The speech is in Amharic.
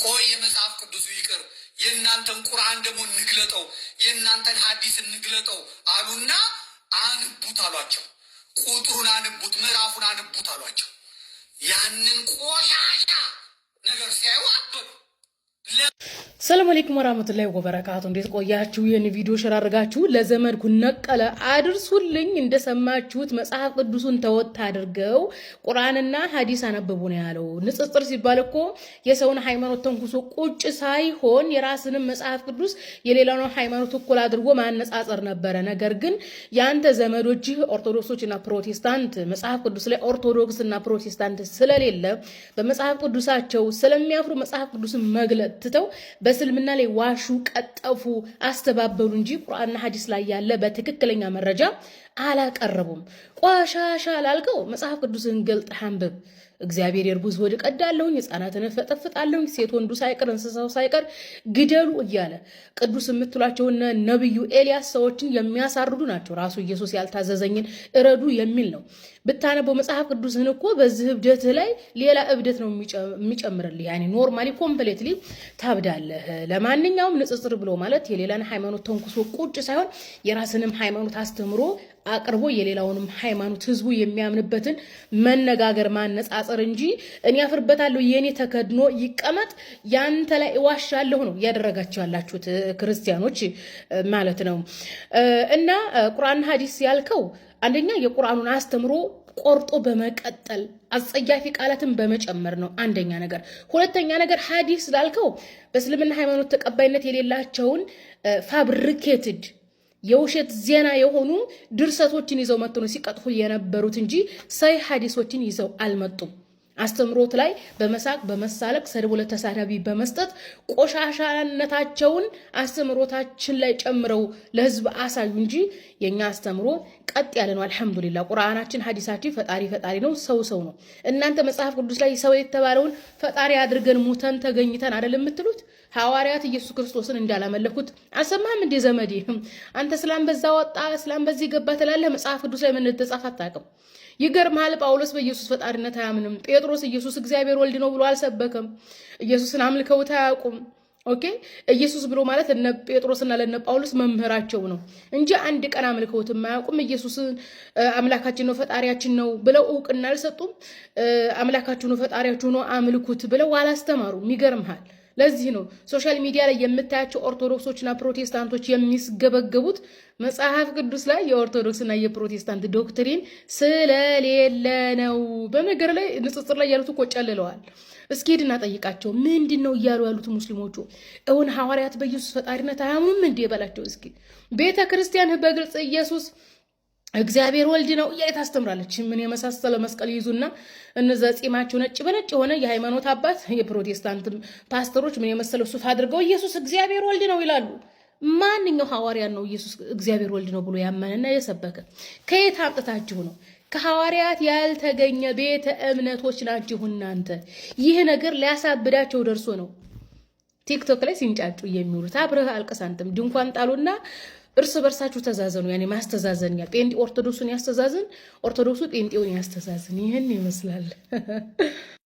ቆይ የመጽሐፍ ቅዱሱ ይቅር፣ የእናንተን ቁርአን ደግሞ እንግለጠው፣ የእናንተን ሀዲስ እንግለጠው አሉና አንቡት አሏቸው። ቁጥሩን አንቡት፣ ምዕራፉን አንቡት አሏቸው። ያንን ቆሻሻ ሰላም አለይኩም ወራህመቱላሂ ወበረካቱ። እንዴት ቆያችሁ? ይህን ቪዲዮ ሼር አድርጋችሁ ለዘመድኩ ነቀለ አድርሱልኝ። እንደሰማችሁት መጽሐፍ ቅዱሱን ተወት አድርገው ቁርአንና ሐዲስ አነብቡ ነው ያለው። ንጽጽር ሲባል እኮ የሰውን ሃይማኖት ተንኩሶ ቁጭ ሳይሆን የራስንም መጽሐፍ ቅዱስ የሌላውን ሃይማኖት እኩል አድርጎ ማነጻጸር ነበረ። ነገር ግን ያንተ ዘመዶች ኦርቶዶክሶችና ፕሮቴስታንት መጽሐፍ ቅዱስ ላይ ኦርቶዶክስና ፕሮቴስታንት ስለሌለ በመጽሐፍ ቅዱሳቸው ስለሚያፍሩ መጽሐፍ ቅዱስን መግለጥ ትተው በእስልምና ላይ ዋሹ፣ ቀጠፉ፣ አስተባበሉ እንጂ ቁርአንና ሐዲስ ላይ ያለ በትክክለኛ መረጃ አላቀረቡም። ቆሻሻ ላልከው መጽሐፍ ቅዱስን ገልጠህ አንብብ። እግዚአብሔር የርጉዝ ሆድ እቀዳለሁኝ፣ ሕፃናትን እፈጠፍጣለሁኝ፣ ሴት ወንዱ ሳይቀር እንስሳው ሳይቀር ግደሉ እያለ ቅዱስ የምትሏቸውን ነብዩ ኤልያስ ሰዎችን የሚያሳርዱ ናቸው። ራሱ ኢየሱስ ያልታዘዘኝን እረዱ የሚል ነው። ብታነበው መጽሐፍ ቅዱስን እኮ በዚህ እብደትህ ላይ ሌላ እብደት ነው የሚጨምርልህ። ያኔ ኖርማሊ ኮምፕሌትሊ ታብዳለህ። ለማንኛውም ንጽጽር ብሎ ማለት የሌላን ሃይማኖት ተንኩሶ ቁጭ ሳይሆን የራስንም ሃይማኖት አስተምሮ አቅርቦ የሌላውንም ሃይማኖት ህዝቡ የሚያምንበትን መነጋገር ማነጻጸር እንጂ እኔ አፍርበታለሁ የእኔ ተከድኖ ይቀመጥ ያንተ ላይ እዋሻለሁ ነው እያደረጋችሁ ያላችሁት ክርስቲያኖች ማለት ነው። እና ቁርአን ሀዲስ ያልከው አንደኛ የቁርአኑን አስተምሮ ቆርጦ በመቀጠል አጸያፊ ቃላትን በመጨመር ነው። አንደኛ ነገር። ሁለተኛ ነገር ሀዲስ ላልከው በእስልምና ሃይማኖት ተቀባይነት የሌላቸውን ፋብሪኬትድ የውሸት ዜና የሆኑ ድርሰቶችን ይዘው መጡ ነው ሲቀጥፉ የነበሩት እንጂ ሰይ ሀዲሶችን ይዘው አልመጡም። አስተምሮት ላይ በመሳቅ በመሳለቅ ሰድቦ ለተሳዳቢ በመስጠት ቆሻሻነታቸውን አስተምሮታችን ላይ ጨምረው ለህዝብ አሳዩ እንጂ የእኛ አስተምሮ ቀጥ ያለ ነው። አልሐምዱሊላ ቁርአናችን፣ ሀዲሳችን ፈጣሪ ፈጣሪ ነው፣ ሰው ሰው ነው። እናንተ መጽሐፍ ቅዱስ ላይ ሰው የተባለውን ፈጣሪ አድርገን ሙተን ተገኝተን አደል የምትሉት? ሐዋርያት ኢየሱስ ክርስቶስን እንዳላመለኩት አልሰማህም እንዴ ዘመዴ? አንተ ስላም በዛ ወጣ ስላም በዚህ ገባ ትላለህ። መጽሐፍ ቅዱስ ላይ ምን ተጻፈ አታውቅም። ይገርምሃል፣ ጳውሎስ በኢየሱስ ፈጣሪነት አያምንም። ጴጥሮስ ኢየሱስ እግዚአብሔር ወልድ ነው ብሎ አልሰበከም። ኢየሱስን አምልከውት አያውቁም። ኦኬ ኢየሱስ ብሎ ማለት እነ ጴጥሮስና ለነ ጳውሎስ መምህራቸው ነው እንጂ አንድ ቀን አምልከውት አያውቁም። ኢየሱስን አምላካችን ነው ፈጣሪያችን ነው ብለው እውቅና አልሰጡም። አምላካችሁ ነው ፈጣሪያችሁ ነው አምልኩት ብለው አላስተማሩም። ይገርምሃል። ለዚህ ነው ሶሻል ሚዲያ ላይ የምታያቸው ኦርቶዶክሶችና ፕሮቴስታንቶች የሚስገበገቡት መጽሐፍ ቅዱስ ላይ የኦርቶዶክስና የፕሮቴስታንት ዶክትሪን ስለሌለ ነው። በነገር ላይ ንጽጽር ላይ ያሉት እኮ ጨልለዋል። እስኪ ሄድና ጠይቃቸው። ምንድን ነው እያሉ ያሉት ሙስሊሞቹ? እውን ሐዋርያት በኢየሱስ ፈጣሪነት አያምኑም እንዲህ የበላቸው። እስኪ ቤተ ክርስቲያንህ በግልጽ ኢየሱስ እግዚአብሔር ወልድ ነው እያለ ታስተምራለች። ምን የመሳሰለ መስቀል ይዙና እነዛ ጺማቸው ነጭ በነጭ የሆነ የሃይማኖት አባት የፕሮቴስታንት ፓስተሮች ምን የመሰለ ሱፍ አድርገው ኢየሱስ እግዚአብሔር ወልድ ነው ይላሉ። ማንኛው ሐዋርያን ነው ኢየሱስ እግዚአብሔር ወልድ ነው ብሎ ያመነና የሰበከ? ከየት አምጥታችሁ ነው? ከሐዋርያት ያልተገኘ ቤተ እምነቶች ናችሁ እናንተ። ይህ ነገር ሊያሳብዳቸው ደርሶ ነው ቲክቶክ ላይ ሲንጫጩ የሚውሉት። አብረህ አልቀሳንትም ድንኳን ጣሉና እርስ በርሳችሁ ተዛዘኑ። ያኔ ማስተዛዘን ያል ጴንጤ ኦርቶዶክሱን ያስተዛዝን፣ ኦርቶዶክሱ ጴንጤውን ያስተዛዝን። ይህን ይመስላል።